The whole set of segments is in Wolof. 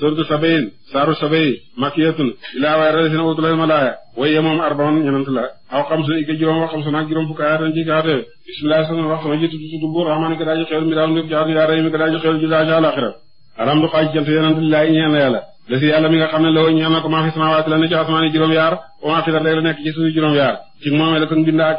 suratu sabayin saaru sabayi makiyatun ilaa waay ralisina wutulal malaaya waye moom arbaon ñenant la aw xam sun ika juróom wax xam sun ak juróom wax sama jitu tutu buur rahmaani ka daaji xewel mi daaw ndef jaar yaa rey mi ka daaji xewel mi ne loo ñeel na ko maa la ne ci asmaani juróom yaar wa maa fi la nekk ci suuf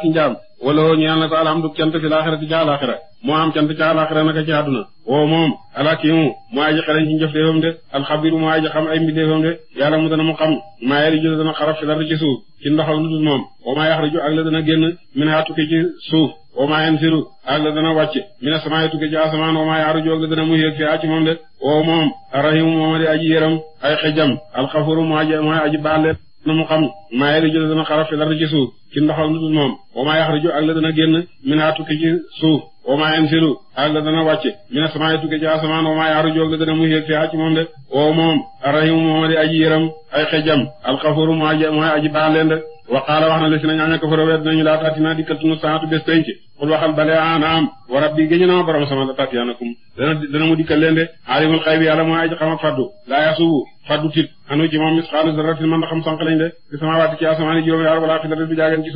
njaam wala woo ñeel na ko alhamdu cant fi laaxirati ca alaaxira moo am cant ca alaaxira naka ci àdduna woo moom alaakimu moo aji xarañ ci njëfteefam de alxabiru moo aji xam ay mbindeefam de yàlla mu dana mu xam maa yari ju dana xaraf fi lardi ci suuf ci ndox ak lu moom wa maa yaxriju ak la dana génn min haa tukki ci suuf wa maa yanziru ak la dana wàcc min asamaa tukki ci asamaan wa maa yaxriju ak la dana mu yéeg fi ci moom de woo moom arrahimu ay xejam alxafuru moo aji mooy aji baale na mu xam maa yariju la dana xaraf fi lardi ci suuf ci ndoxal lu dul moom wa maa yaxriju ak la dana génn minaa tukki ci suuf wa maa yanzilu ak la dana wàcce mina samaay tukki ci asamaan wa maa yaxriju ak la dana mu yéeg fi ci moom de o moom arrahimu moom di aji yëram ay xejam alxafuru mooy aji baax leen de wa qaala wax na li si nañ aña kafara wet nañu laa taatinaa dikkal tunu saatu bés xul waxal bale anaam wa rabbi géñu na ma borom sama la tatiyanakum dana dana mu dikkal leen de alimul xaybi a mooy a xam ak faddu laa yasubu faddu tit anu ci moom misqaalu zarratin mën na xam sànq lañ de ci sama waati ci asamaani juróom yaar wala xilade du jaagan de du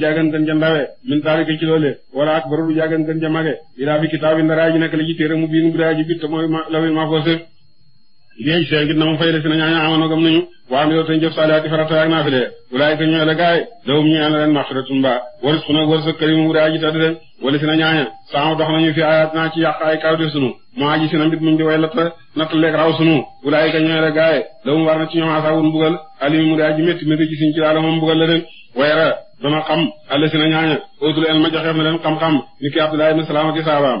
jaagan gën ja ndawe min taalika ci loole wala akbaru du jaagan gën ja mage ilaa fi kitaabin dara aji nekk la ci mu biin bu daa ji bit te mooy lawil liy seer gi dina ma fay def a ñaañu amoon gëm nañu waa mi yow tey jëf saalihaati farata ak naafile walaay ko ñëwee la gaay ba war su na war sa kër yi mu daa na ñaaña sànq dox nañu fi ayaat la gaay dawum war na ci ñoom asaawun mbugal alimi mu daa ji métti métti ci siñ ci moom mbugal la leen wayra dama xam a si a ñaaña ootul en ma joxeef na leen xam-xam ni ki Abdullah ibn Salaam ak saabaam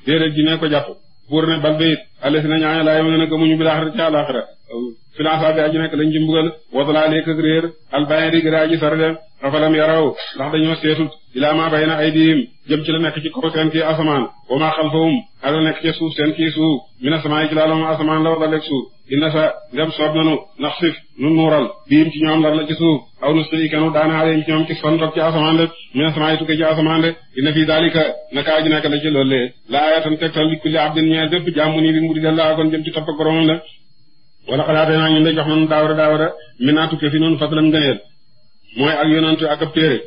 déedéet dinañ ko jàpp buur ne bal bayit alesi na ñaaña laa yow ne na gëmuñu bi laaxira ci àllaaxira filaasaa bi aji nekk lañ ci mbugal wasalaaleek ak réer albayen di gëra aji sore de afalam yaraw ndax dañoo seetut ilaa maa bayna aydihim jëm ci la nekk ci kaw seen kii asamaan wa maa xalfahum ak la nekk ci suuf seen kii suuf min asamaan yi ci laalum asamaan la wala suuf inna sa ndem soob nanu ndax sif nu nuural biim ci ñoom lar la ci suuf aw nu si ikanu daanaaleen ci ñoom ci son toog ci asamaan de min asamaan yi tukkee ci asamaan de inna fii daalika naka aji nekk la ci loolu la aayatan tegtal li kulli abdin ñeel bépp wala xalaatee naa ñun de jox man daawara daawara mi naa tukkee fi noonu fasalan ngëneel mooy ak yonantu ak ab téere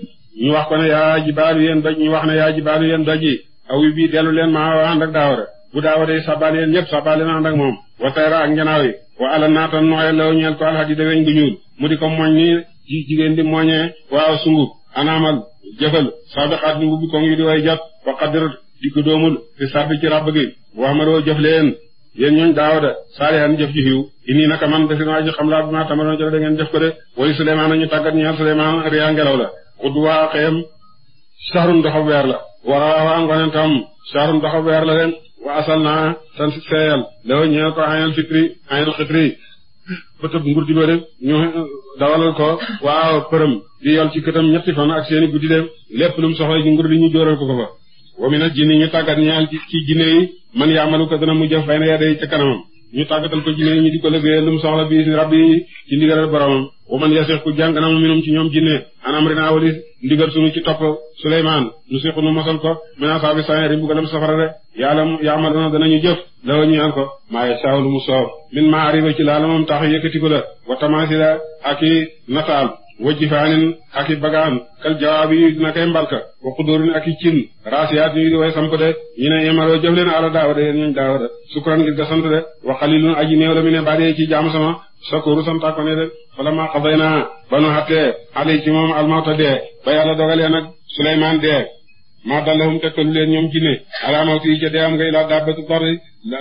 ñu wax ko ne yaa ji baalu yéen doj ñu wax ne yaa ji baalu yéen doj yi aw yi bii dellu leen maa wa ànd ak daawara bu daawaree sabal yéen ñëpp sabal leen ànd ak moom wa tayra ak njanaaw yi wa ala naata nooye law ñeel ko alxadida weñ gu ñuul mu di ko moñ ni jigéen di moñee waaw sungub anaamal jëfal sabiqaat ni mbubbi ko ngi di wa qaddir di yéen ñooñ daaw de saalihan jëf ji xiw inni naka man defi naa ji xam laa bi ma tamaroon jëf da jëf ko de woy suleymaan nañu tàggat ñaar suleymaan riyaa ngelaw la xudduwaa xëyam saxarun doxab weer la warawaa ngonentam saxarun doxab weer la leen wa asal naa tan seeyal law ñeel ko ayal fitri ayal xitri bëtëb ngur di bëri ñu euh, dawalal ko waa përëm di yol ci këtam ñetti fan ak seeni guddi dem lépp lu mu soxla ci ngur di ñu jóoral ko ko wa mina jinni ñu tàggat ñaal ci jinne yi man yaamalu ko dana mu jëf bay na yaday ca kanamam ñu tàggatal ko jinne yi ñu di ko liggéey lu mu soxla bi rabbi ci ndigalal boromam wa man yasiq ku jàng na mu minum ci ñoom jinne an amrina walis ndigal sunu ci topp Suleymaan nu siqu nu mosal ko min asaabi sa'ir bu galam safara de na yaamaluna danañu jëf lawa ñu an ko maaye saawlu mu soob min ma arriba ci laala moom tax yëkkati ko la wa tamaasi la ak i wajifaanin ak i bagaan kal jawaab yi dina kay mbalka wa xudurin ak i cin raasiyaat yi di way samp de ñu ne yemaloo jëf leen ala daawa de yéen ñooñ daawa de sukran de wa xalilun aji néew la mi ne bari ci jaam sama sakooru santa ko ne de ma xaday naa ba nu xattee alay ci moom almawta dee ba yàlla dogalee nag suleymaan dee maa dallahum tegtalu leen ñoom jinne ala mawti yi ca dee am ngay laa daabatul ardi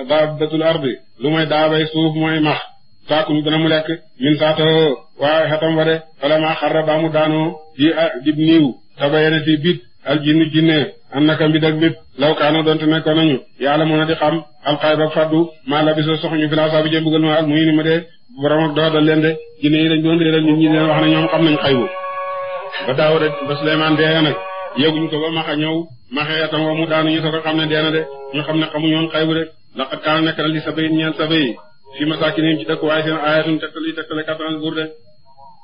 daabatul ardi lu mooy daabay suuf mooy max taakulu dana mu lekk min saatoo waaye xatam wa de fala maa xarra ba mu daanoo di a dib niiw tabayana ti bit al jinnu jinne an naka mbid ak lépp law kaano doonte nekkoon nañu yàlla mën a di xam alxayb ak faddu maa la biso soxñu fi laasabi jë mbugal ma ak muy ni ma dee borom ak doxadal leen de jinne yi dañ doon réeral ñun ñi leen wax ne ñoom xam nañ xaybu ba daaw de ba Suleymaan dee nag yëguñ ko ba maxa ñëw maxee tam wa mu daanu ñu soog a xam ne dee na de ñu xam ne xamuñoon xaybu de laqad kaana nekk na li sabayin ñeel fi masaakinihim ci dëkk waaye seen aayatun tegtal yi tegtale kattan buur de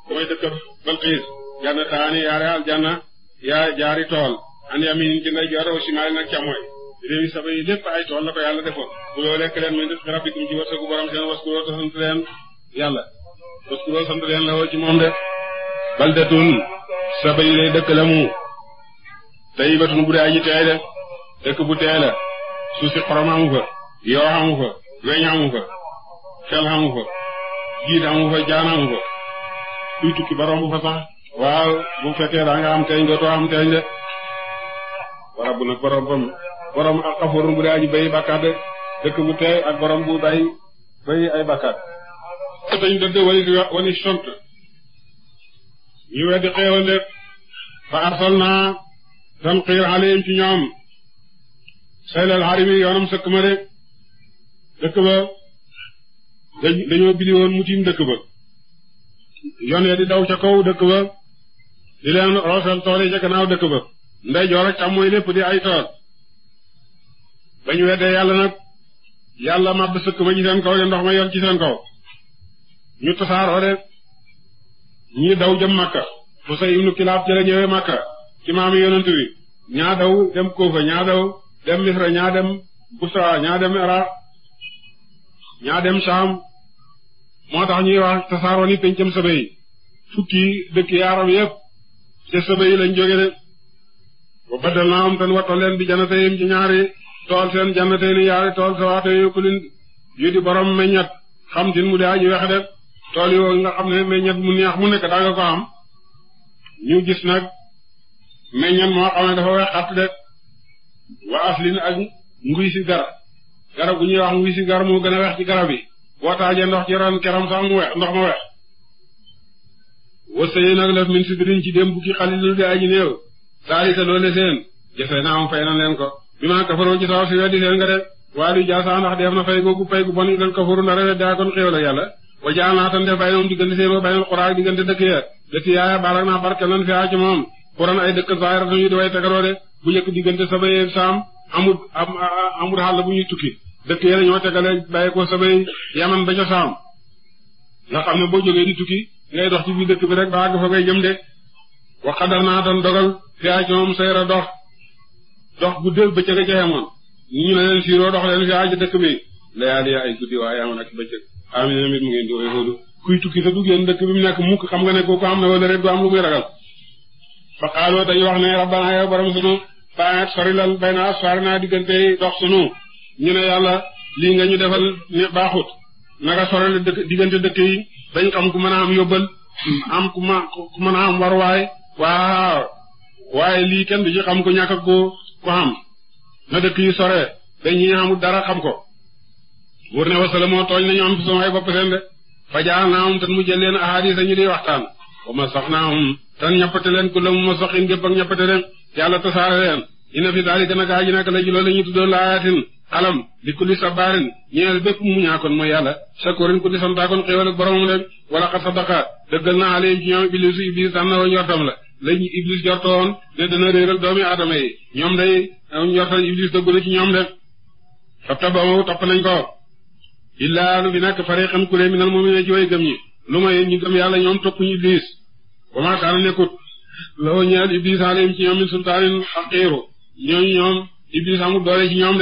mooy dëkk Balqiis janna taani yaari aljanna yaa jaari tool an yamin ci ndey joor aw simaali nag càmmooy réew yi saba yi lépp ay tool la ko yàlla defoon ku loo lekk leen min rizqi rabbikum ci wërsëgu borom seen waskuroo te sant leen yàlla waskuroo sant leen la woo ci de baldatun saba yi lay dëkk la mu tayyibatun bu dee aji teey de bu teey la suuf si kel xamu fa jiit xamu fa jaan xamu fa luy tukki ba romb fa sax waaw bu fekkee daa nga am teeñ dootoo am teeñ de wara bu nag borom bam borom ak xafoorun bu daaji bayi bakkaat de dëkk bu teey ak borom bu bay bayi ay bakkaat teñ dëdd wali wali sont ñu weddi xéewal de fa arsal naa tan xiir aleyim ci ñoom saylal xarimi yoonam sëkk ma de dëkk ba dañ dañoo bili woon mu tiim dëkk ba yone di daw ca kaw dëkk ba di leen roosal tool ca gannaaw dëkk ba ndey joor ak càmmooy lépp di ay tool bañ weddee yàlla nag yàlla màbb sëkk ba ci seen kaw de ndox ma yoon ci seen kaw ñu tasaaroo de ñii daw jëm Makka Qusay ibnu Kilaab jële ñëwee Makka ci maami yonent ñaa daw dem Kuufa ñaa daw dem Misra ñaa dem Busra ñaa dem Iraq ñaa dem Sham moo tax ñuy wax tasaaroo ni pencam sëbë yi fukki dëkk yaaram yépp ca sëbë yi lañ jóge de ba baddal naa am tan watto leen bi janatayim ci ñaari tool seen janatay ni yaari tool sa waate yokkulin yu di borom meññat xam tin mu di aji wex de tool yooyu nga xam ne meññat mu neex mu nekk daa nga ko am ñu gis nag meññat moo xam ne dafa wex xat de wa aslin ak nguy si gar garab gu ñuy wax nguy si gar moo gën a wex ci garab yi boo taajee ndox ci ron keram sax mu wex ndox ma wex wërsëg yi nag laf min sibirin ci dem bukki xalilu di aji néew saalisa loole seen jëfee na am fay na leen ko bi maa kafaroo ci saw si weddi seen nga de waa di jaasaa ndax def na fay googu pay gu bon ilal kafaru na rewet daa kon xéewal yàlla wa jaa naa tan bay moom diggante seen wa baynal xuraa diggante dëkk ya dëkk yaaya baarak naa barke lan fi ci moom xuran ay dëkk zaahiratan yu di way bu njëkk diggante dëkk yee dañoo tegale bàyyi ko sabay yaman ba cosaan nga xam ne boo jógee di tukki ngay dox ci biir dëkk bi rek ba àgg fa wa xadar naa tan dogal dox dox guddéeg bëccëg a ca xemoon ñu ñu ne dëkk bi layaali ay guddi waa yaman ak bëccëg amina mit mu dëkk bi mu nekk mukk xam nga ne kooku am na wala rek du am lu muy ragal fa xaaloo dañu wax ne rabbana yow borom sunu banet sorilal bay na asfar naa diggante dox sunu ñu ne yàlla lii nga ñu defal ne baaxut naka sorale dëkk diggante dëkk yi dañ xam ku mën a am yóbbal am ku ma ku mën a am waruwaay waaye lii kenn du ci xam ko ñàkk ko ko xam na dëkk yi sore dañuy xamul dara xam ko buur ne wasala moo tooñ nañu am sama ay seen de fajaan naa am tan mu jël leen a ñu di waxtaan ba ma sax naa am tan ñappate leen ku la mu ma soxin gépp ak ñappate leen yàlla tasaare leen ina fi daal di gën yi gaa ji nekk la ji loolu la ñu tuddoo alam li kulli sabaarin ñeel bépp mu ñaakoon mooy yàlla shakurin ku di santaakoon xéewal ak boromam leen wala xat sadaqa dëggal na alayhim ci ñoom iblisu iblis daan na wa njortam la lañ iblis jortoon ne dana réeral doomi aadama yi ñoom day njortal iblis dëggu ci ñoom de fapta boobu topp nañ ko illaa nu fi nekk fariqan kulee minal mu'miniina ci way gëm ñi lu may ñu gëm yàlla ñoom topp ñu iblis wa maa kaana nekkut loo ñeel iblis alayhim ci ñoom min sultaanin ci ñoom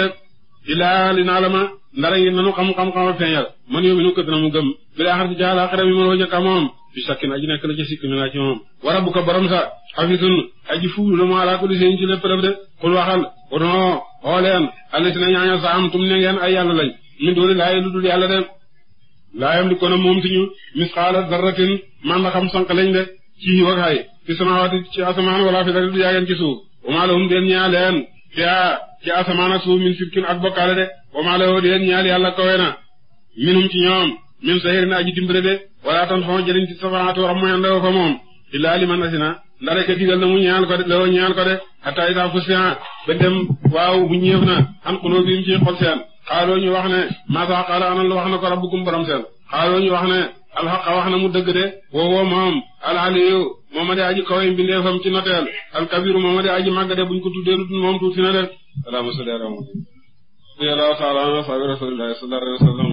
illaa li naalama ndara yi nanu xam xam a feeñal man yoomi nu kët na mu gëm bila xar si jaala xaram yi mën wa jëkka moom fi sakkin aji nekk la ca sikk mi naa ci moom wa rabbuka borom sa xafisun aji fuulu la mu alaa kulli shay'in ci lépp def de xul waxal udoo xooleen allasina ñaaña saam tum ne ay yàlla lañ min dooli laayi lu dul yàlla de laayam di kon a moom tiñu misqaala zarratin man la xam sanq lañ de ci xiw ak fi samaawaati fiyaa ci a ak suuf min sirkin ak bokkaale de wa maa lahu déen ñaal yàlla kawe na minum ci ñoom min sahirin aji dimbale de wala tan fama jëriñ ci safaatu rammoyan lawo fa moom illaa liman asina ndare ka digal na mu ñaal ko de lawo ñaal ko de hatta isa fusiya ba dem waaw bu ñëef na an qulubihim ci xol seen xaaloo ñu wax ne maasa xaala ana lu wax na ko rabbukum borom seen xaaloo ñu wax ne alxaqa wax na mu dëgg de woowoo moom alaliyu mooma de aji kawe mbindeefam ci noteel alkabiru mooma de aji màgg de buñ ko tuddee lu dul moom tuuti na de salaamu salli ala muhammad yàlla taala ala sabi rasulillahi sallallahu alayhi wasallam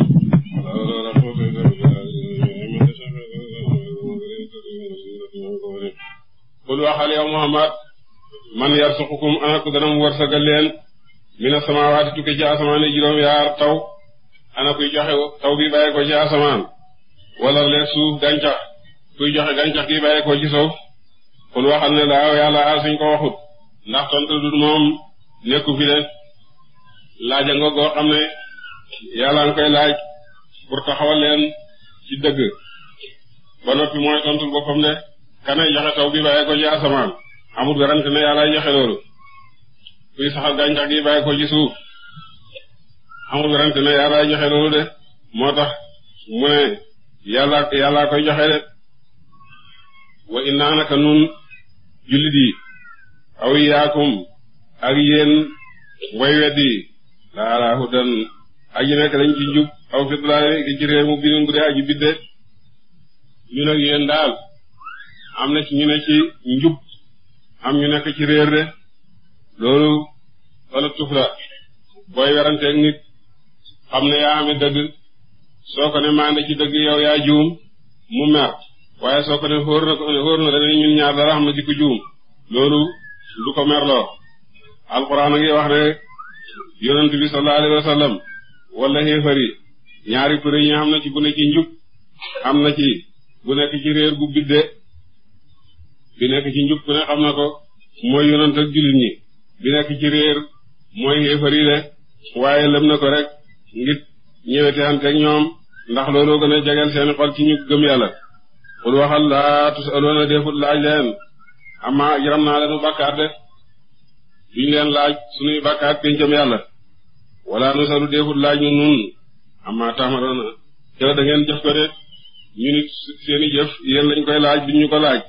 qul waxal yow muhammad man yarsuqukum anaku danam wërsëgal leen mina samaawaati tukki ci asamaan yi juróom yaar taw anakuy joxe taw bi bàyyi ko ci asamaan wala leeg suuf gàncax kuy joxe gàncax gi bàyyee ko ci suuf kon waxal ne laaw yàlla suñ ko waxut ndax tontu du moom nekku fi de laaja nga goo xam ne yàlla nga koy laaj pour taxawal leen ci dëgg ba noppi mooy tontu boppam ne kanay joxe taw bi bàyyee ko ci loolu kuy saxal gàncax gi bàyyee ko ci suuf amul garante ne yàllaay joxe loolu de moo tax mu ne yàlla yàlla koy joxe de wa inna naka nun jullit yi aw yaakum ak yéen way weddi laa laa hudan aji nekk lañ ci njub aw fi dalaale gi ci réew mu binin bu dee aji bidde ñu nag yéen daal am na ci ñu ne ci njub am ñu nekk ci réer de loolu wala tuf la booy nit xam ne yaa ame dëgg soo ko ne maa ci dëgg yow ya juum mu mer waaye soo ko ne xóor na ko xóor na dana ñun ñaar dara xam na ci ku juum loolu du ko merloo alxuraan a ngi wax ne yonent bi sallallahu alayhi wa sallam wala xéefar yi ñaari kuréel yi xam ne ci bu ne ci na ci bu nekk ci réer gu bidde bi nekk ci njub ku ne xam na ko mooy yonent ak bi nekk ci réer mooy xéefar de waaye lëm na ko rek ñëwete ante ak ñoom ndax looloo gën a jegeel seen xol ci ñu gëm yàlla xul waxal laa tusaloona defut laaj leen ama yaram naa leenu bàkkaar de duñ leen laaj sunuy bàkkaar péncam yàlla wala nu salu defut laaj ñu nun ama taxmaroona kere da ngeen jëf ko de ñu nit seeni jëf yéen lañ koy laaj duñ ñu ko laaj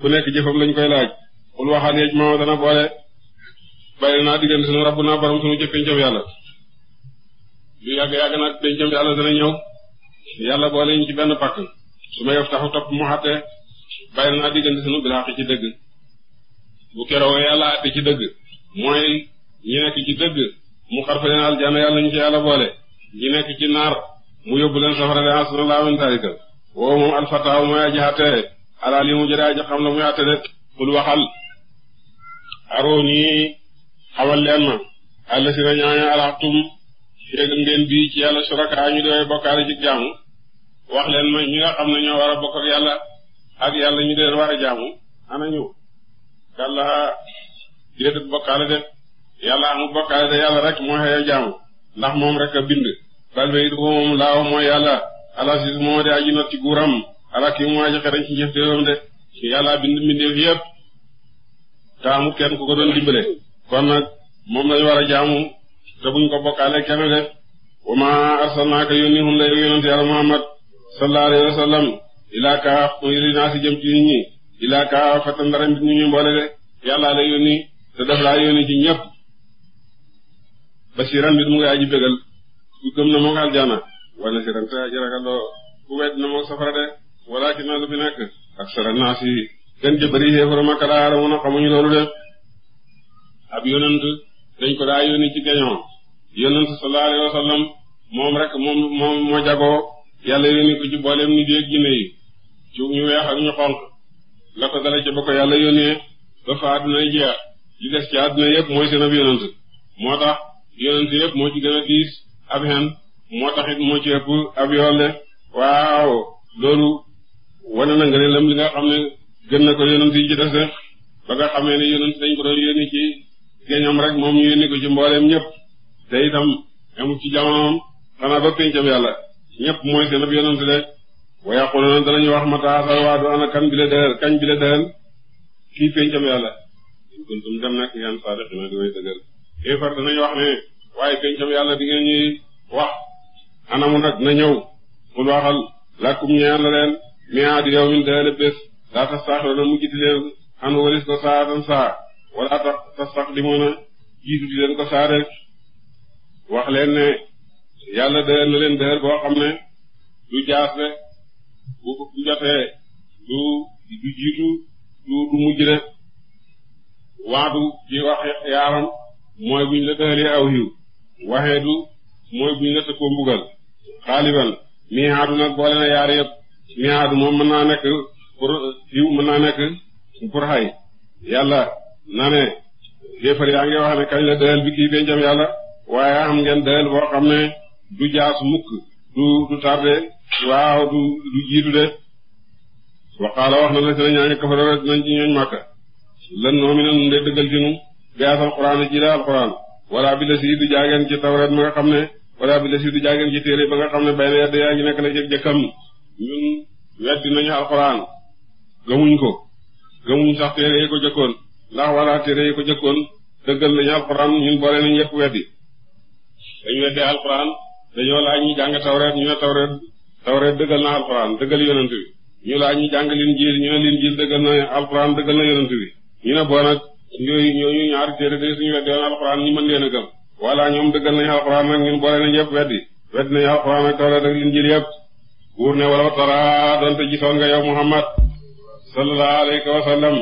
ku nekk jëfam lañ koy laaj xul waxal yeej moo dana boole bàyyi naa diggante sunu rabbu naa borom sunu jëf péncam yàlla du yàgg yàgg nag dañ jëm yàlla dana ñëw yàlla boole ñu ci benn pakk su ma yof taxu topp mu xatte bàyyi naa diggante sunu bi laa ci dëgg bu keroog yàlla àtte ci dëgg mooy ñi nekk ci dëgg mu xarfa leen aljanna yàlla ñu ci yàlla boole ñi nekk ci naar mu yóbbu leen safara de asuna laa men tarika woowu moom alfataaw mooy aji xatte alaal yi mu jëre aji xam la muy àtte de kul waxal aroo ñi xamal leen ma àll si na ñaaña alaxtum yéegal ngeen bii ci yàlla suraka ñu dee bokkaale ci jaamu wax leen ma ñi nga xam ne ñoo war a bokk ak yàlla ak yàlla ñu dee war a jaamu ana ñu yàlla déedéet bokkaale de yàlla amul bokkaale de yàlla rek moo xëy jaamu ndax moom rek a bind bal ba it moom laa yàlla alasis moo de aji not ci guuram ala kii mu aji xereñ ci jëfteewam de ci yàlla bind mbindeef yépp taamu kenn ko doon dimbale kon moom lañu war a jaamu te buñ ko bokkaale kenn de wa arsalnaaka yónni hun la yow yonent yàlla muhammad sallallahu alayhi wa sallam ilaa kaafatan mboole de yàllaa la yónni te def laa yónni ci ñëpp basiran mbir mu ngi aji bégal ku na moog aljana wala siran te aji ku wedd na moog safara de walaakin na lu fi nekk ak sara naas yi kenn jëbëri xéefara makka laa aaramu loolu de ab yonent dañ ko daa yónni ci gañoo yonent sallallahu alayhi wa sallam moom rek moom moo jagoo yàlla yónni ko ci booleem nit yi ak yi ci ñu weex ak ñu xonq la ko dale ci ba yàlla yónnee ba fa àdduna jeex li des ci àdduna yëpp mooy seen ab yonent moo tax yonent yëpp moo ci gën a diis ab xen moo tax it moo ci ëpp ab na nga ne li nga xam ne gën na ko yonent yi ci des ba nga xamee ne yonent dañ ko doon yónni ci géñam rek moom ñu yónni ko ci mbooleem ñëpp te itam amul ci jamonoom xanaa ba pencam yàlla ñëpp mooy seen ab yonent de wa yaquluna danañu wax ma waa du ana kan bi la dëhër kañ bi la dëhër fii pencam yàlla in kuntum dem nag yan saadiqina di way dëgër wax ne waaye pencam yàlla di ñuy wax anamu nag na ñëw xul waxal làkkum ñaan la leen miaadi yawmin dëhële bés laa tastaaxiruna mujjiti leen xan walis ko saatan saa wala tax tastaqdimuna jiitu di leen ko saa rek wax leen ne yàlla dëhër na leen dëhër boo xam ne du jaase bu bu jotee du du jiitu du du mujj de waatu ci wax yaaram mooy buñ la dëhëlee aw xiw waxee du mooy buñ la tëkkoo mbugal xaaliban miihaadu nag boole na yaar yëpp miihaadu moom mën naa nekk pour xiw mën naa nekk pour xay yàlla na ne xéefar yaa ngi wax ne kañ dëhël bi kii benjam yàlla waaye xam ngeen dayal boo xam ne du jaas mukk du du tarde waaw du du jiitu de waxaala wax na la ñaañu kafaroo dinañ ci ñooñ màkka lan noo mi ne nun de dëggal ci nun gaas alxuraan ji la alxuraan walla bi la sii du jaageen ci tawreet ma nga ne walla bi la sii du ba nga xam ne bay na yedd yaa ngi nekk la jëkk jëkkam ñun weddi nañu alxuraan gëmuñ ko gëmuñ sax téere yi ko jëkkoon ndax walla téere yi ko jëkkoon dëggal nañu alxuraan ñun boole nañu yëpp weddi dañu weddee alquran dañoo laaj ñuy jàng tawreet ñu ne tawreet tawreet dëggal na alquran dëggal yonent bi ñu laaj ñuy jàng linjiil ñu ne linjiil dëggal na alquran dëggal na yonent bi ñu ne boo nag yooyu ñooñu ñaari téere day suñu weddee woon alquran ñu mën leen a gëm walla ñoom dëggal nañu alquran nag ñun boole nañu yëpp weddi weddi nañu alquran ak tawreet ak linjiil yëpp buur ne wala tara doonte gisoon nga yow muhammad sallallahu alayhi wa sallam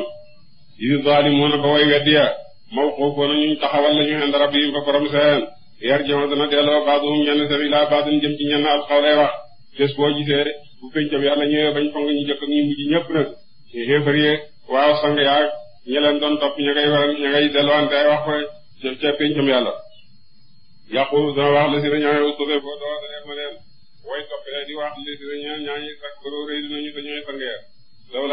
yi zalimuna ba way weddi ya mawqufoona yarji'u dana delloo baaduhum ñenn seen ilaa baadin jëm ci ñenn al wax bés boo bu pencam yàlla ñëwee bañ fong ñu jëkk ñu mujj ñëpp nag waaw sang yaa ñi leen topp ña ngay waral ña ngay wax ko ca ca yàlla yàqulu dana wax la si na ñaawee ustute foo doo wax la si na ñaa ñaañi sax baroo rëy dinañu dañooy sang yaa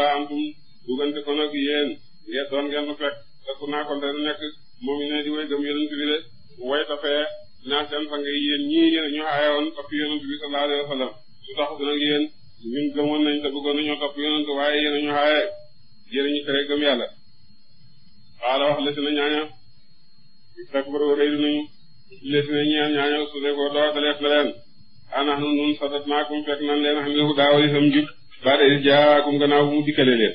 law antum dugante ko nag yéen ngeen doon ngeen fekk te ku naa ko dana nekk moom ne di way gëm yonent bi way tafee naa seen sang yi yéen ñii yéen ñu aayoon topp yonent bi sallallahu alayhi wasallam su tax dina yéen ñun gëmoon nañ te bëggoon nañoo topp yonent waaye yéen ñu aaye yéen ñu tere gëm yàlla xaala wax lesi na ñaaña takbaru rëy nañu lesi na ñeen ñaaña su ne ko doo daleef la leen anax nu nun sadat maakum fekk nan leen xam ne hu daawali sam jub ba de jaakum gannaaw bu mu dikkale leen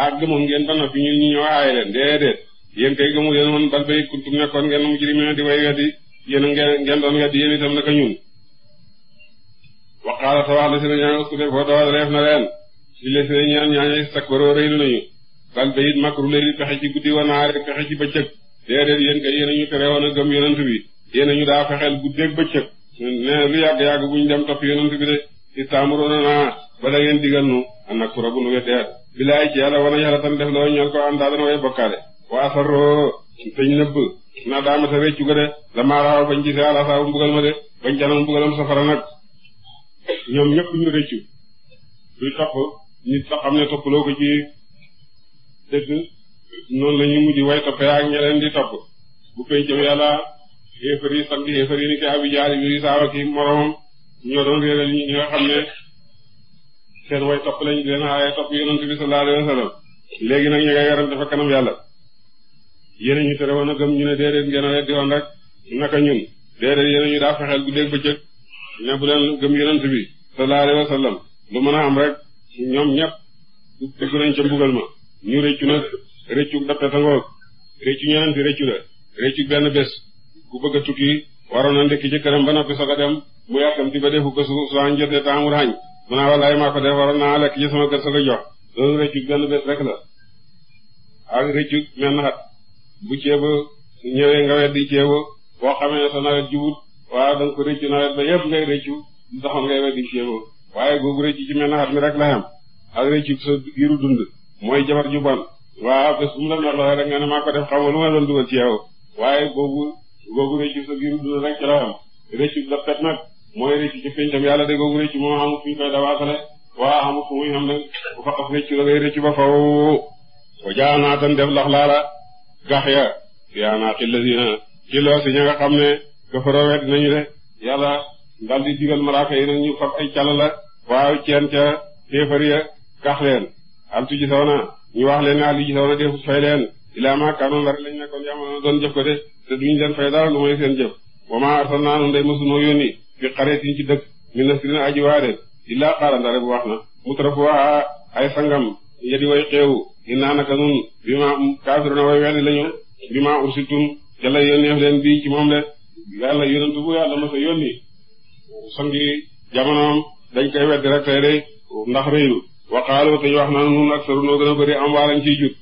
ah gëmoon ngeen ba noppi ñun ñu ñoo leen déedéet yéen kay gëmu leen woon bal bay nekkoon ngeen mujrimina di way weddi yéen ngeen ngeen doon weddi yéen itam naka ñun waxaala ta wax na ñaan uskute foo dawal reef na leen si la si na ñaan ñaañe stakbaroo rëylu nañu bal bay it makru pexe ci guddi wanaare pexe ci bëccëg déedéet yéen kay yéen ñu tere woon a gëm yonent bi yéen ñu daa fexeel guddeeg bëccëg ne lu yàgg bu buñ dem topp yonent bi de i taamuroona naa ba da digal nu an nag ku rabu nu weddeet bilaay ci yàlla wana yàlla waa sarroo dañ nëbb naa daamata weccu ga de la maaraaw bañ gisee alasaabu mbugal ma de bañ canam mbugalam safara nag ñoom ñëpp ñu rëccu luy topp nit sa xam ne toppaloo ko ci dëgg noonu la ñuy mujj way toppee ak ñeleen di topp bu pencam yàlla xéefar yi sant xéefar ni ki Abu yi saaro ki moromam ñoo doon réeral ñi nga xam ne seen way topp lañ leen aaye topp yonent bi sallallahu alayhi léegi nag ñu ngay fa kanam yàlla yéen ñu tere woon a gëm ñu ne déedéet ngeen a weddi woon rek naka ñun déedéet yéen ñu daa fexeel guddeeg bëccëg ne bu leen gëm yonent bi sallallahu alayhi wa lu mën a am rek ñoom ñépp dëgg nañ ca mbugal ma ñu réccu nag réccu dappe tangoog réccu ñenenti réccu la réccu benn bés ku bëgg a tukki waroon na ndekki ci këram ba noppi soog a dem mu yàkkamti ba defu ko su su añ jotee taamul añ mu naa wallaay maa ko def waroon naa lekk ci sama kër soog a jox loolu réccu benn bés rek la bu ceeba ñëwee nga weddi ceeba boo xamee ne sa nawet jubut waaw da nga ko rëccu nawet ba yëpp ngay rëccu lu taxoon ngay weddi ceeba waaye googu rëccu ci mel na at mi rek la ak rëccu sa giru dund mooy jabar ju bon waaw bés bu mu la merloo rek nga ne maa ko def xamoo lu ma doon dugal ci yow waaye googu googu rëccu sa giru dund rek ci la rëccu la pet nag mooy rëccu ci fiñ tam yàlla de googu rëccu moom amul fu ñu koy dawaasale waa amul fu muy xam ne bu fa rëccu la ngay rëccu ba gax ya yaanaa xillazina ci loosi ña nga xam ne gafaroo wet nañu de yàlla dal di digal malaaka yi nag ñu fab ay cala la waaw ceen ca téefar ya gax leen al tuji saw ñu wax leen ne al tuji saw na deefus fay leen ilaa ma kaanoon la rek lañ nekkoon yaamanoon doon jëf ko de te duñu leen fay dara lu may seen jëf wama arsalnaa nun day mësunoo yónni fi xareetin ci dëkk min nasrin aji waa de illaa xaala ndare bu wax na mutrafuwaa ay sangam yedi way xeewu inna naka nun bi ma kaafiruna way weddi lañu bi ma ursitum jalla yónneef leen bii ci moom de yàlla yonentu bu yàlla ma sa yónni sangi jamonoom dañ koy weddi rek tey de ndax réyu waqaalu te wax naan nun ak saru gën a bëri am waa lañ ciy jut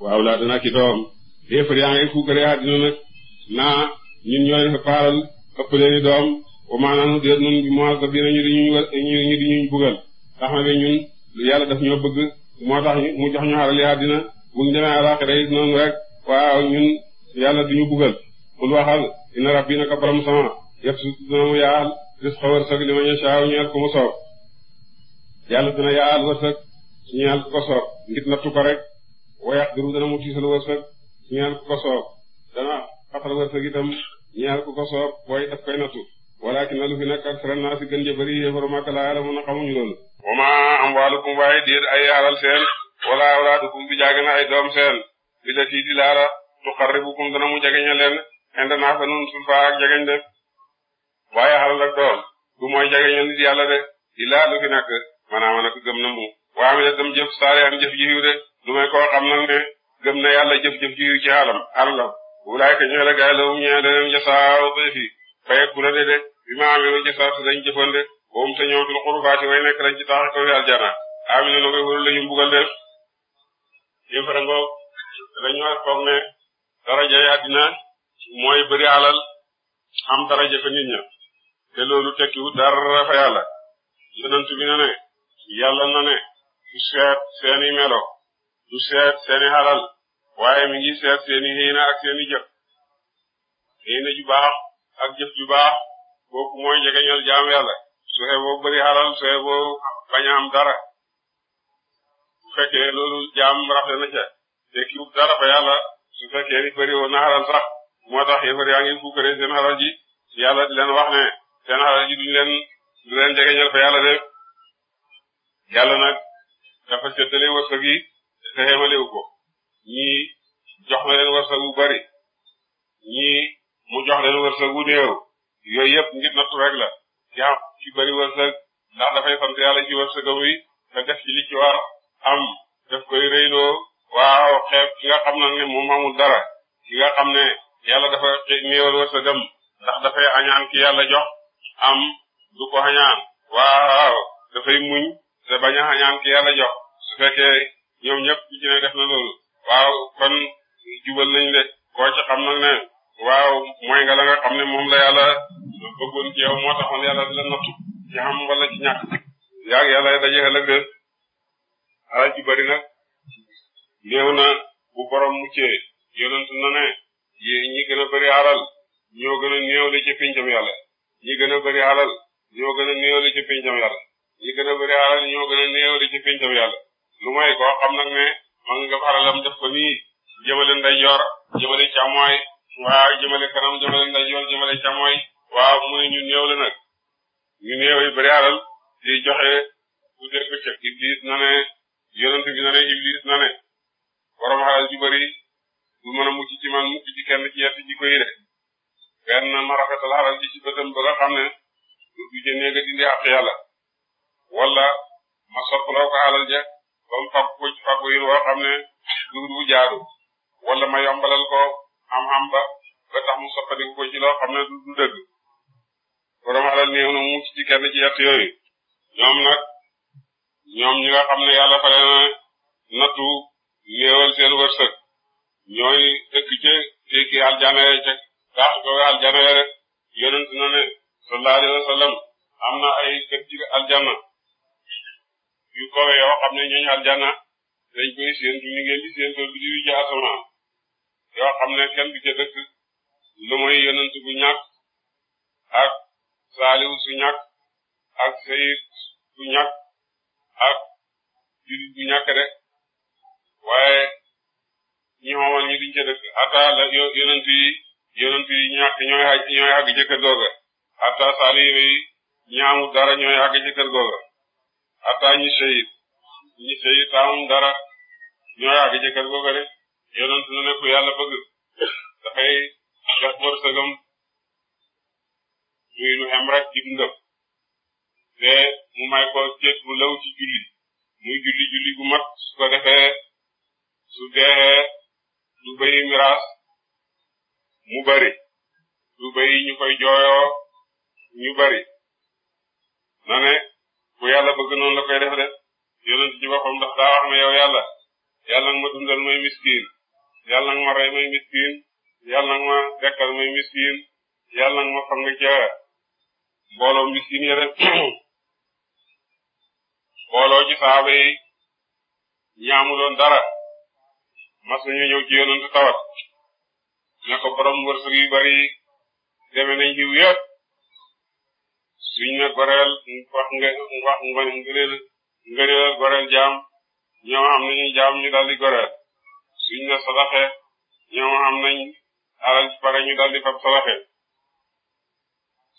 waaw laa dana ki doom yéefar yaa ngay fuukare àddina nag naa ñun ñoo leen fa paaral ëpp leeni doom wa maanaam déet nun bi mu sa bi na ñu di ñu ñu bugal ndax na ñun yàlla daf ñoo moo tax mu jox ñu alali àddina buñ demee alaaxira it noonu rek waaw ñun yàlla duñu buggal kul waxal ina rabbi naka borom sama yëpp mu yaal risqa wërsëg li ma ñu saaw ñeel ku mu soob yàlla dina yaal wërsëg ñeel ku ko soob ngir nattu rek wayax duru dana mu tiisal wërsëg ñeel ku ko dana xatal wërsëg itam ñeel ku ko soob daf koy nattu walakin na lu fi nag ak saran si gën ja bëri yéefaru Makka laa yàlla mun a xamuñu loolu wama amwaalukum ay alal seen wala awlaadukum bi jaage na ay doom seen bi la tii di laara tuqarribukum dana mu jegeñe leen inde naa fa nun sulfa ak de waaye alal doom du mooy jegeñe nit yàlla de ilaa lu fi nag maanaam nag gëm na mu waa mi ne jëf saare am jëf jiw de du may koo xam nag ne gëm na jëf-jëf jiw ci alam alalam wulaay ka bi ma amee wu jësaatu dañ jëfan de moom te ñëw dul xurufaati way nekk lañ ci ko wi aljana no koy wëru lañu mbugal de yëfara ngoog dañu war foog ne daraja yi àddina mooy bëri alal am daraja fa nit ña te loolu tekkiwu dara fa yàlla yonent bi na ne yàlla na ne seet seeni melo du seet seeni xalal waaye mi seet seeni xiina ak seeni jëf xiina ju baax ak jëf kooku mooy jegeñal jaam yàlla su xeeboo bëri xalal su xeeboo bañ a dara su fekkee jaam rafet ca te ki dara fa yàlla su fekkee ni bëri woon na xalal sax moo tax yëfar yaa ngi fukkare seen xalal ji yàlla di leen wax ne xalal ji duñu leen du leen jegeñal fa yàlla de yàlla nag dafa seddale wërsëg yi te xeemalewu ko ñii jox len leen wërsëg bari ñii mu jox leen wërsëg wu néew yooyu yëpp ngir nattu rek la yaa ci bëri wërsëg ndax dafay sant yàlla ci wërsëgam wi te def ci war am def koy réyloo waaw xeeb ki nga xam ne moom amul dara ki nga xam ne yàlla dafa néewal wërsëgam ndax dafay añaan ki yàlla jox am du ko añaan waaw dafay muñ te bañ a añaan ki yàlla jox su fekkee ñoom ñëpp ci ne def na loolu waaw jubal nañ de koo ci xam nag ne waaw mooy nga la nga xam ne moom la ya bëggoon ci yow moo taxoon yàlla di la nattu ci wala ci ñàkk yaag yàlla daje ëllëg de alal ji bari na bu borom muccee yonent na ne ñi gën a bari alal ñoo gën a néew la ci pincam yàlla ñi gën a bari alal ñoo gën a néew la ci jam yàlla ñi gën bari alal ñoo gën a néew li ci pincam yàlla lu may koo xam nag ne ma nga alalam def ko nii jëmale ndeyjoor jëmale càmmooy waaw jëmale kanam jëmale ndeyjoor jëmale càmmooñ waaw mu ñu néew la ñu néew bari alal di joxe bu iblis na ne yonent bi na ne iblis na ne borom alal ju bari du man mucc ci kenn ci yett ji koy de benn ma rafetal alal ji ci bëtam ba ne du dindi àq yàlla wala ma soppaloo ko alal ja ba mu fab ko fab yi woo xam ne ma yombalal ko xam-xam ba ba tax mu soppandi ko ci loo xam ne du dëgg borom na mucc ci kenn ci yett ñoom nag ñoom ñi nga xam ne yàlla fa leen nattu néewal seen wërsëg ñooy dëkk ci kéeki aljana ya ca taax googu aljana ya rek yonent na ne sallallahu alayhi wa na ay kër ci aljana yu kowe yoo xam ne ñooñu aljana dañ koy séentu ni ngeen di séentoo bi di ci asamaan yoo xam ne kenn du ca dëkk lu bu ñàkk ak saaliw su ñàkk ak sayid bu ñàkk ak jullit bu ñàkk de waaye ñi xamoon ñi duñ ca dëkk ata la yonent yi ñooy xag ñooy xag ci kër googa ata saaliw yi ñaamu dara ñooy xag ci kër googa ata ñi sayid ñi sayid taamu dara ñooy xag ci kër googa de yonent na ne ku yàlla dafay jox wërsëgam muy lu xem rek ci te mu may ko cët bu law ci julli muy julli julli gu mat su ko defee mu bari du ñu koy jooyoo ñu bari na ne ku yàlla bëgg noonu la def yonent ci boppam ndax daa wax ne yow yàlla yàlla nga ma dundal yàlla nga ma rey may miskiin yàlla nga ma dekkal may miskiin yàlla nga ma fang ca mbooloo miskiin ya rek mbooloo ñaamuloon dara mas nañu ñëw ci yonent tawat ne borom wërsëg bari deme nañ jiw yëpp goreel nga wax nga ngëneel ngëneel goreel jaam ñoo am nañu daldi goreel suñ la saraxe ñoom am nañ alal pare ñu daldi fab saraxe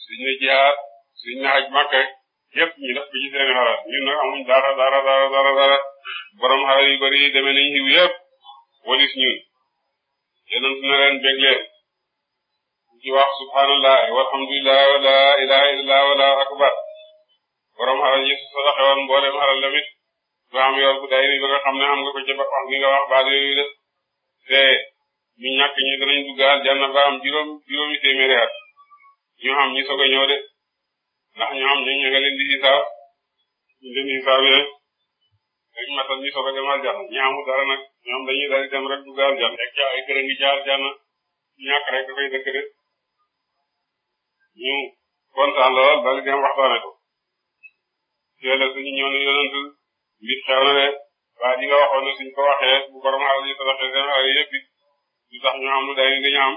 suñ ne jihaad suñ ne aj Makka yëpp ñu def ko ci xaral ñun nag amuñ dara dara dara borom xaral yu bari yi nañ xiw yëpp walis ñun yeneen su ne leen bég leen ci wax subhanallah walhamdulillah wala ilaha illallah wala akbar borom xaral yi saraxe woon mboolem xaral lamit du am yor bu day ni ba xam ne am nga ko ci wax li nga wax baal yooyu def te ñu ñàkk ñu danañ dugg aljanna ba am juróom juróomi téeméeri at ñu xam ñi soog a de ndax ñu xam ñu ñu nga leen ñu leen di xisaabee rek ñu soog aljanna ñi xamul dara nag ñoom dañuy daal di dem aljanna rek ñu kontaan lool daal di dem la suñu ñëw ne yonent mbir de waa ji nga waxoon ne suñ ko waxee bu borom alal yi tabaxee seen alal yëpp it tax ñu am lu day li ñu am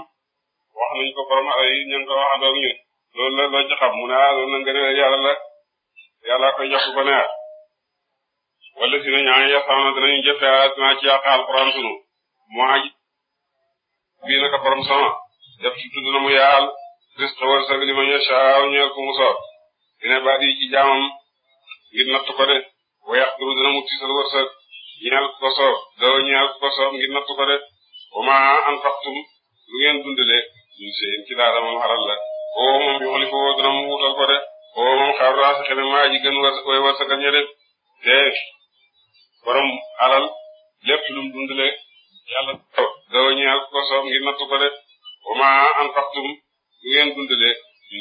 wax nañ ko borom alal yi ñu ngi ko waxandoo ak ñun loolu la loo ci xam mu ne ah loolu la nga ne la yàlla koy jox ko neex wala si ne ñaari yaakaar naa danañu jëfee asmaa ci yàq alquran sunu moo sama def ci tudd yaal risque wërsëg li ma ñëw saa ñëw ku mu soob dina baal ci jaamam ngir natt ko de wa yàq duru dina tiisal wërsëg. ñeel ko soob doo ñeel ngir natt ko de wama anfaqtum lu ngeen dundale ñu seen ci daara moom xaral la oo moom bi xoli ko dana mu de oo moom xaar raasi xene te borom alal lépp lu mu dundale yàlla doo ñeel ko soob ngir natt ko de wama anfaqtum lu ngeen dundale ñu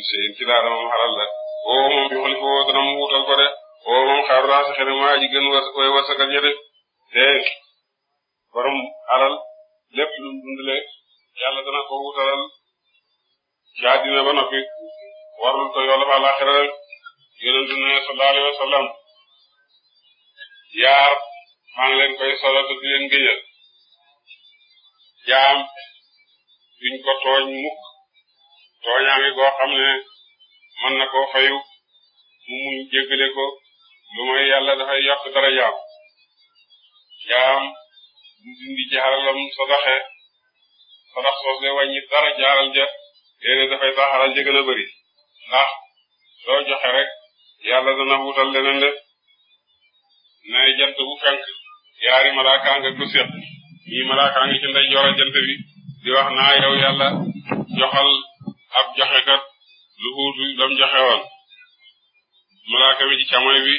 de oo moom xaar raasi xene ko yoolab alaxira yonent ne sallallahu alayhi wa sallam yaar maa leen koy solo te di leen géñal jaam ko tooñ mukk tooñaange goo xam ne mën na koo mu muñ jéggale ko lu may yàlla dafay yokk dara jaam jaam du dindi jaaralam sadaxe sadax soos de wàññi dara jaaral ja léene dafay taxaral ja gën a bëri ndax soo joxe rek yàlla dana wutal leneen de ne jant bu fenk yaari malaaka nga ko séq ñii malaaka ngi ci ndey joora di wax naa yow yàlla joxal ab joxekat lu huutu lam joxe woon malaaka mi ci camoy bi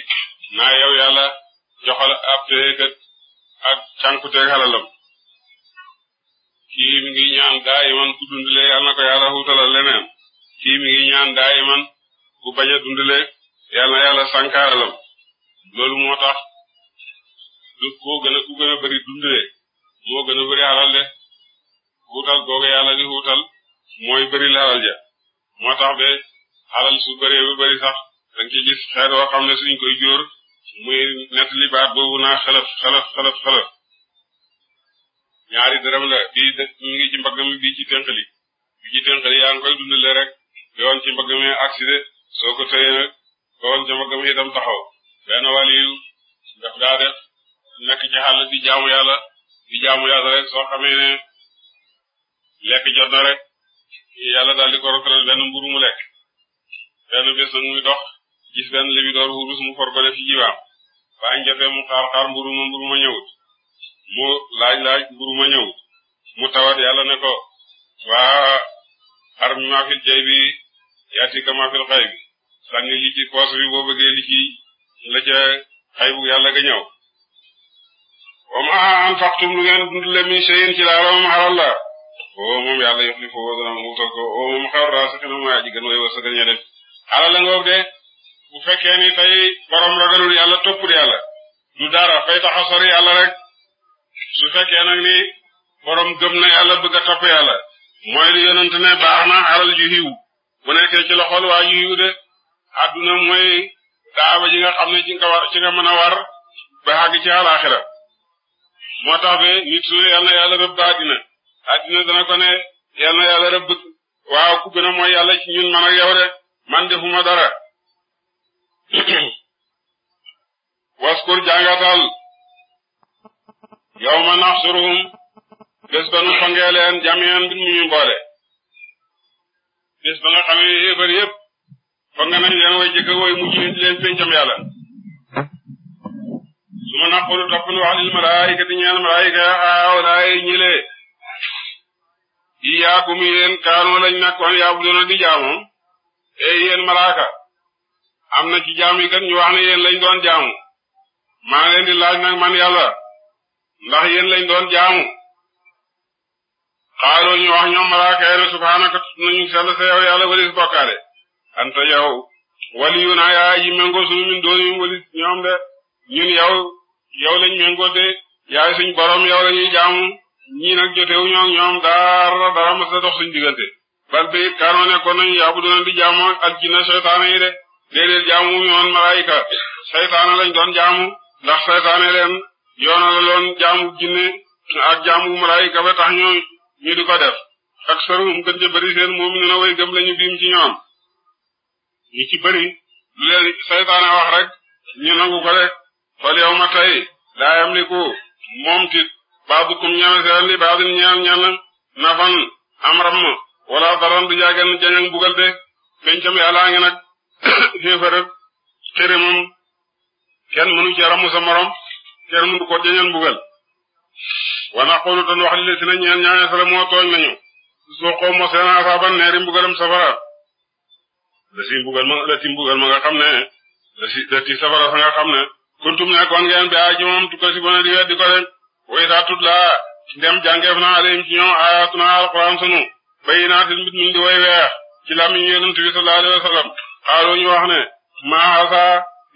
naa yow joxal ab téyekat ak cànkuteeg xalalam kii mi ngi ñaan daa iman ku dundile yàlla na ko yàlla huutalal leneen kii mi ngi ñaan daayiman ku bañ a dundale yàlla na yàlla loolu moo tax ku gën a bëri moo gën a bëri de xuutal googu yàlla di xuutal mooy bëri la ja moo tax be alal su bëree ba bëri sax danga ci xeet woo xam ne suñ koy jóor muy net baat boobu naa xelëf xelëf ñaari dërëm la bii mi ngi bi ci tënkali yaa ngi koy dundale rek yoon ci mbëgg mi accident soo ko tëyee nag yoon ci mbëgg mi itam taxaw benn waliyu daf nekk ci di jaamu yàlla di jaamu yàlla rek soo xamee lekk jot na rek yàlla daal di ko rotal benn mburu mu lekk benn bés nag muy dox gis benn libidoor wurus mu for ko def ci jiwaam mu xaar xaar mburu ma ma ñëwut mu laaj laaj mburu ma ñëwut mu tawat yàlla ne ko waa xar fi jay bi yaati kama fil xay bi sànni li ci poos bëggee li ci la ca xay bu yàlla ga ñëw wa ma anfaqtum lu ngeen dundle min shay'in ci laala moom xaral la oo moom yàlla yuxlifu wa dana muutal ko oo moom xaral la sax na maa gën way wasa gën ngoog de bu fekkee ni tey borom ragalul yàlla toppul du dara fay tax a sori rek su ni borom gëm na yàlla bëgg a topp yàlla mooy lu yonent ne baax bu nekkee ci loxol waa yu de adduna mooy daaba ji nga xam ne ci nga war war ba àgg ci alaxira moo tax be nit ne yal na yàlla rëbb addina addina dana ko yal na yàlla rëbb waaw ku gën a mooy yàlla ci ñun man ak de man defuma dara waskur jàngatal yow ma naxsuruhum bés ba nu fangeeleen jamian mbir mu ñu mboole bés ba nga xamee yéefar yëpp foog nga nañ leen way jëkk way mujj leen di leen yàlla su ma naqulu topp nu wax lil malaayika di ñaan malaayika aaw laay ñile yi yaakum yéen kaanu lañ nekkoon yaabudoona di jaamu e yéen malaaka am na ci jaam yi kat ñu wax ne yéen lañ doon jaamu maa leen di laaj nag man yàlla ndax yéen lañ doon jaamu xaaloo ñu wax ñoom malaaka yi subhaanaka tut nañu sell sa yow yàlla walis bokkaale anta yow waliyuna yaa ji méngoo suñu min dooni walis ñoom de ñun yow yow lañ méngoo de yaay suñ borom yow la ñuy jaamu ñii nag jotewu ñoo ñoom dara dara mas la dox suñ diggante bal bi it kaanoo nekkoon nañu yaabu doon di jaamu aljina seytaane yi de déedéet jaamu ñoon malaayika seytaane lañ doon jaamu ndax seytaane leen yoonal loon jaamu jinne ak jaamu malaayika ba tax ñooy ñu di ko def ak sarum gën bëri seen moom ñu ne way gëm biim ci ñoom bëri lu leen saytaane wax rek ñu nangu ko rek fal yow ma tey laa yamliku moom tit baadukum ñaame seen li baadin ñaan ñaan nafan am ram wala daran du jaagen jañang bugal de pencam yàllaa ngi nag xéefarëk xëri moom kenn mënu ci ramu sa morom kenn mënu ko jañan bugal wana xoolu tan wax li la si na ñeen ñaaña sala moo tooñ nañu soqoo moseena asaaban neeri mbugalam safara la si mbugal la si mbugal nga xam ne la si la si safara sa nga xam ne kuntum nekkoon ngeen bi ay jumam tukka si bona di weddi ko rek way taa tut laa ndem jàngeef na alayhim ci ñoom ayatuna alquran sunu bayinaatin mbit mi ngi way weex ci lamiñ yonent bi sallallahu alayhi wa sallam xaalu ñu wax ne maa asa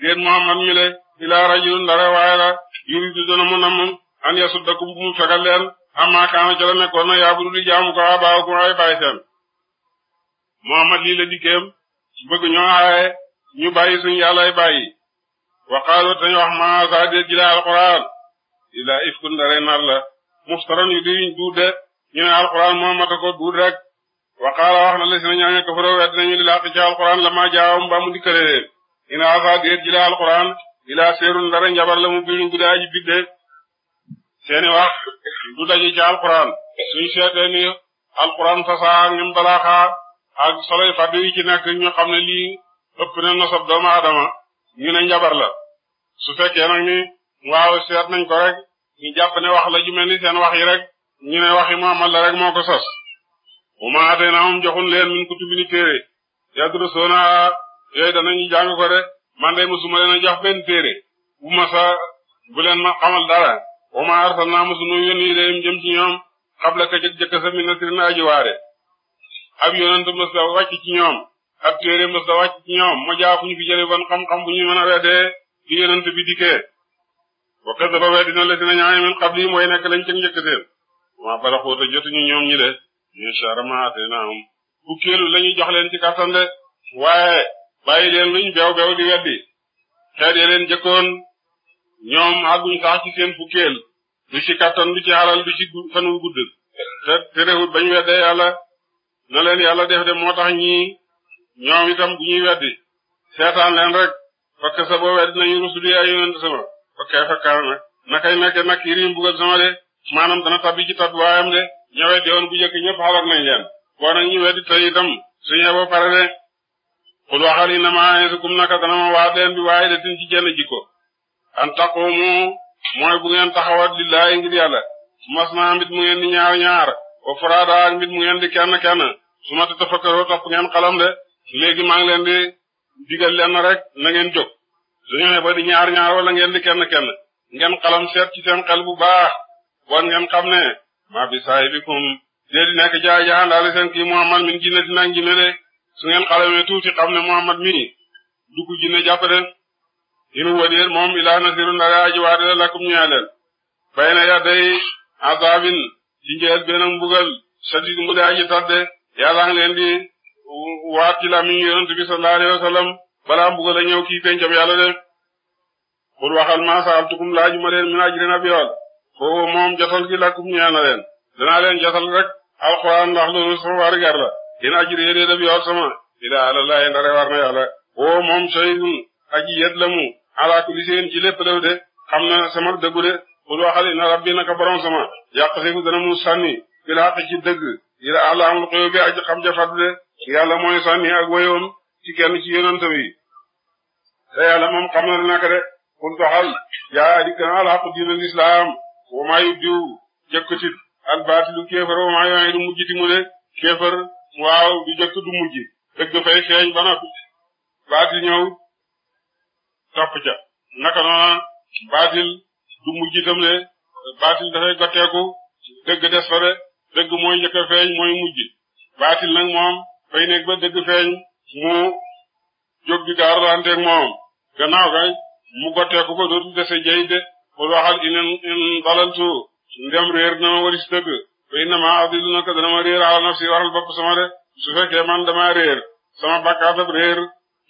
déet muhammad mi le ila rajulun dara waaye la an yasuddakum bu mu fegal leen amma kaana ca la nekkoon na yaabudu di jaamu ko abaakum ay baay seen muhammad lii la dikkeem bëgg ñoo aaye ñu bàyyi suñu yàlla ay wa qaalu tañu wax ma saa dee jila alquran ila ifkun dara nar la yu di duut de ñu ne alquran muhammad a ko duut rek wa qaala wax na la si na ñaaña kafaroo wedd nañu li laqi ci alquran lama jaawam ba mu dikkalee ina saa dee jila alquran ila seerun dara njabar la mu biiru gudaaji bidde seeni wax du daje ci alquran suñ seetee ni alquran fasaa ngim balaaxaa ak soloy fàddu yi ci nekk ñu xam ne lii ëpp na nasab doomu aadama ñu ne njabar la su fekkee nag ni waaw seet nañ ko rek ñu jàpp ne wax la ju mel ni seen wax yi rek ñu ne waxi Muhammad la rek moo ko sos uma atee na moom joxun leen min kutubi ni téere yadrusoona yooyu danañu jàng ko de man de musuma leen a jox benn téere bu ma sa bu leen ma xamal dara wa ma arsalnaa mosunu yónni ilayhim jëm ci ñoom xabla ka jëkk jëkk sa min nasirin aji waare ab yonent mës la wàcc ci ñoom ab téere mës la wàcc ci ñoom mo jaa fu ñu fi jële ban xam-xam ñu mën a weddee di yonent bi dikkee wa kadaba weddina la dina ñaane min xabli mooy nekk lañ ca njëkk seen ma bara xóota jotuñu ñoom ñi de ñu sharama te naam fukkeelu lañu jox leen ci kàttan de waaye bàyyi leen luñ beew beew di weddi xeet ya leen ñoom àgguñ sax ci seen fukkeel du ci kattan du ci alal du ci fan wu gudd te te réewut bañ wedde yàlla na leen yàlla def de moo tax ñii ñoom itam bu ñuy weddi seetaan leen rek parce que sa boo weddi nañu rusuli ay yonent sama fakkee fakkaar nag nakay nekke nag yi rim bugal sama de maanaam dana tabbi ci tat waayam de ñawet yoon bu jëkk ñëpp xalak nañ leen boo nag ñu weddi tey itam suñe ba pare de xul waxal yi na maa yeesukum naka dana waat leen bi waaye de tin ci jenn jikko an taqumu mooy bu ngeen taxawat lillahi ngir yàlla masna mbit mu ngeen di ñaar ñaar wa farada mbit mu ngeen di kenn kenn su ma tatafakkaroo topp ngeen xalam de léegi maa ngi leen di digal lenn rek na ngeen jóg su ñëwee ba di ñaar ñaar wala ngeen di kenn kenn ngeen xalam seet ci seen xel bu baax wan ngeen xam ne ma bi saahibikum dee di nekk jaay jaxandaale seen kii Muhammad min jinne dina jinne de su ngeen xalamee tuuti xam ne Muhammad mi dugg jinne jàpp de in huwa déet moom ilaa nasirun dara aji waate la lakum ñuwee leen bay na yadday azabin ci njël benn mbugal sadid mu de aji tadde yàlla ngi leen di waat ci la mi yonent bi sallallahu alayhi wa sallam balaa mbugal a ñëw kii pencam yàlla de xul waxal ma saaltukum laaju ma leen min ajrin ab yool foofu moom jotal gi lakum ñuwee na leen danaa leen jotal rek alxuraan ndax loolu sama war gar la in ajri déet ab yool sama ilaa la laay ndare aji yet la mu ala kulli shay'in ci lépp def de xam na sama dëggu de bul waxal na rabbi naka borom sama yàq sifu dana mu sànni bil haqq ci dëgg ila ala amul xëyo bi aji xam ja faddu de yàlla mooy sànni ak wayoom ci kenn ci yonent yi te yàlla moom xam na naka de kun toxal yaa di kana al haqq diinal islam wa ma yubdiu jëkkatit al baatilu kéefar wa ma yoe du mujjiti mu de kéefar waaw du jëkk du mujj dëgg fay feeñ ba noppi baatil ñëw topp ca naka noona baatil du mujj itam de baatil dafay gotteeku dëgg des de dëgg mooy njëkk a feeñ mooy mujj baatil nag moom fay nekk ba dëgg feeñ mu jóg di daaru anteeg moom gannaaw kay mu gotteeku ba dootu dese jey de pour waxal inen in dalaltu ndem réer na ma waris dëgg fay na ma adilu naka dana ma réer ala nafsi waral bopp sama de su fekkee man dama réer sama bakkaat ab réer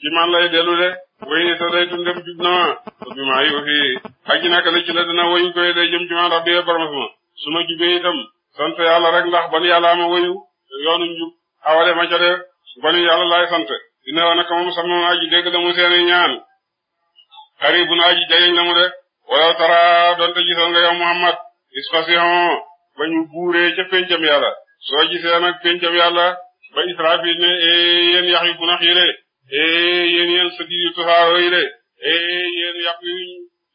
ci man lay dellu de wéy ne ta day tundem jub na ma a bi maa yow fii aji naka la ci la koy day jëm ci ma rabbi ya borom sama su itam sant yàlla rek ndax ban yàlla ama wayu yoonu njub awale ma ca de ban yàlla laay sant dina wa naka moom sama aji dégg la seeni ñaan xaribu na aji jayeñ la mu de wala tara donte gisoon nga yow Muhammad isfasiyon ba ñu buuree ca pencam yàlla soo gisee nag pencam yàlla ba israfil ne eh, yéen yax yu na xiire ee yéen yéen sët yi tasaaroo yi de ee yéen yàpp yi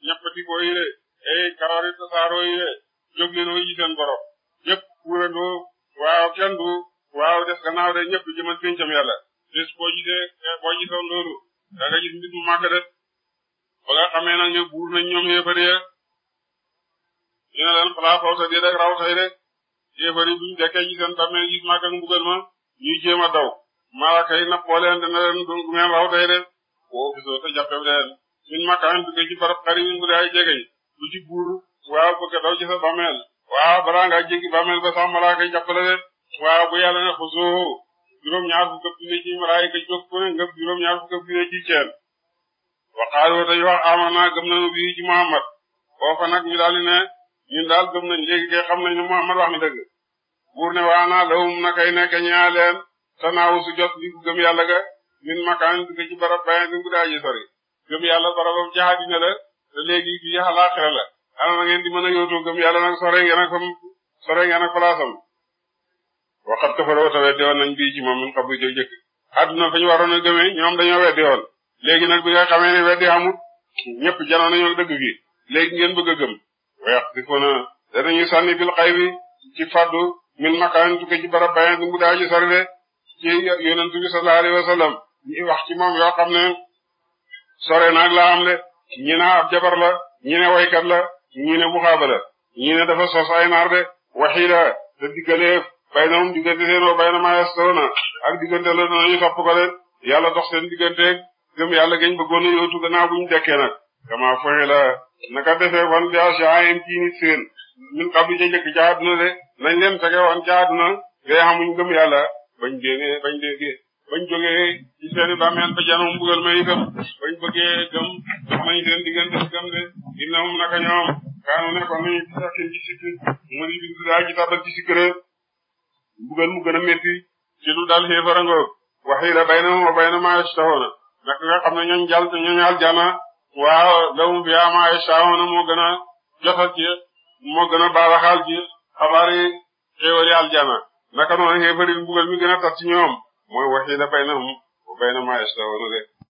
ñappatikoo yi de ee karaari tasaaroo jóg leen wuyu seen borom ñëpp wurandoo waaw kenn waaw des gannaaw de ñëpp jëmal pencam yàlla bis boo gisee boo gisoon loolu da nga gis mu màgg de ba xamee nag ne buur nañ ñoom yéefar ñu ne leen xalaa faw sa dee rek raw buñ dekkee ci seen bàmmeel gis màgg ak mbugal ma ñuy jéem a daw malaaka yi nappoo leen dana leen du ngeen raw tey de woo gisoo te jàppe leen suñ makkaan dugg ci barab xariwin bu daay jege lu ci buur waaw bëgg daw ci sa bàmmeel waaw balaa ngaa ba sax malaaka yi jàppale de bu yàlla ne xusoo juróom-ñaar fukk ak junni ci malaaka yi jóg ku ne nga juróom-ñaar fukk ak junni ci ceen waxaaru tey wax amana gëm nañu bii Muhammad foofa nag ñu daal di ne ñun daal gëm nañ léegi xam nañ ne Muhammad wax na dëgg buur tanaawu su jot li gëm yàlla ga min makaan duge ci barab bayan di gudaa ji gëm yàlla barabam jaxadina la te léegi bi xalaaxira la ana na ngeen di mën a yootoo gëm yàlla nag sore ngeen ak fam sore ngeen ak palaasam wa tawet di woon nañ bii a gëmee ñoom dañoo weddi woon léegi gi léegi ngeen bëgg a gëm weex di ko na danañu barab di gudaa ji sori ci yonent bi sallallahu alayhi wa sallam moom yoo xam ne sore nag la am le ab jabar la ñi ne waykat la ñi ne muxaaba la ñi ne dafa sos ay naar de waxiida te diggaleef bay na moom diggante seen wa bay na maestorona ak diggante la danañu topp ko de yàlla dox seen digganteeg gëm yàlla gañ bëggoon a yootu gannaaw buñu dekkee nag la naka defee wan bia caen ci seen min xabli jëkk ca àdduna de nañ leen fege woon ca àdduna ngay xamuñ gëm yàlla bañ déggee bañ déggee bañ jógee ci seeni bàmmeel ba janum mbugal ma itam bañ bëggee gëm nañ seen diggante ci gëm de innahum naka ñoom kaanu nekkoon nañu ci sàkkin ci sikki mu di bindu daa ci tabal ci sikkëree mu gën a métti ci lu dal xéefarangoo waxii la bay na ma bay na naka nga xam ne ñooñ jàll te aljana waaw lawum fiyaa maa taxoona moo gën a jotal ci moo gën a baaxal ci aljana naka noonu xéefari mbugal mi gën a tar ci ñoom mooy wax a la bay na hum